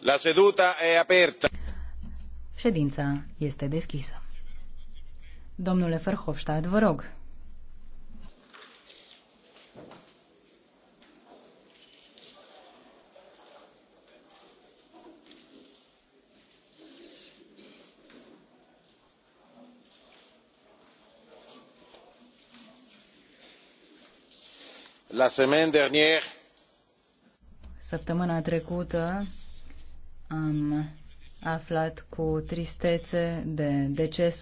La seduta e aperta. Ședința este deschisă. Domnule Ferhofstadt, vă rog. La semaine dernière, Săptămâna trecută am aflat cu tristețe de deces.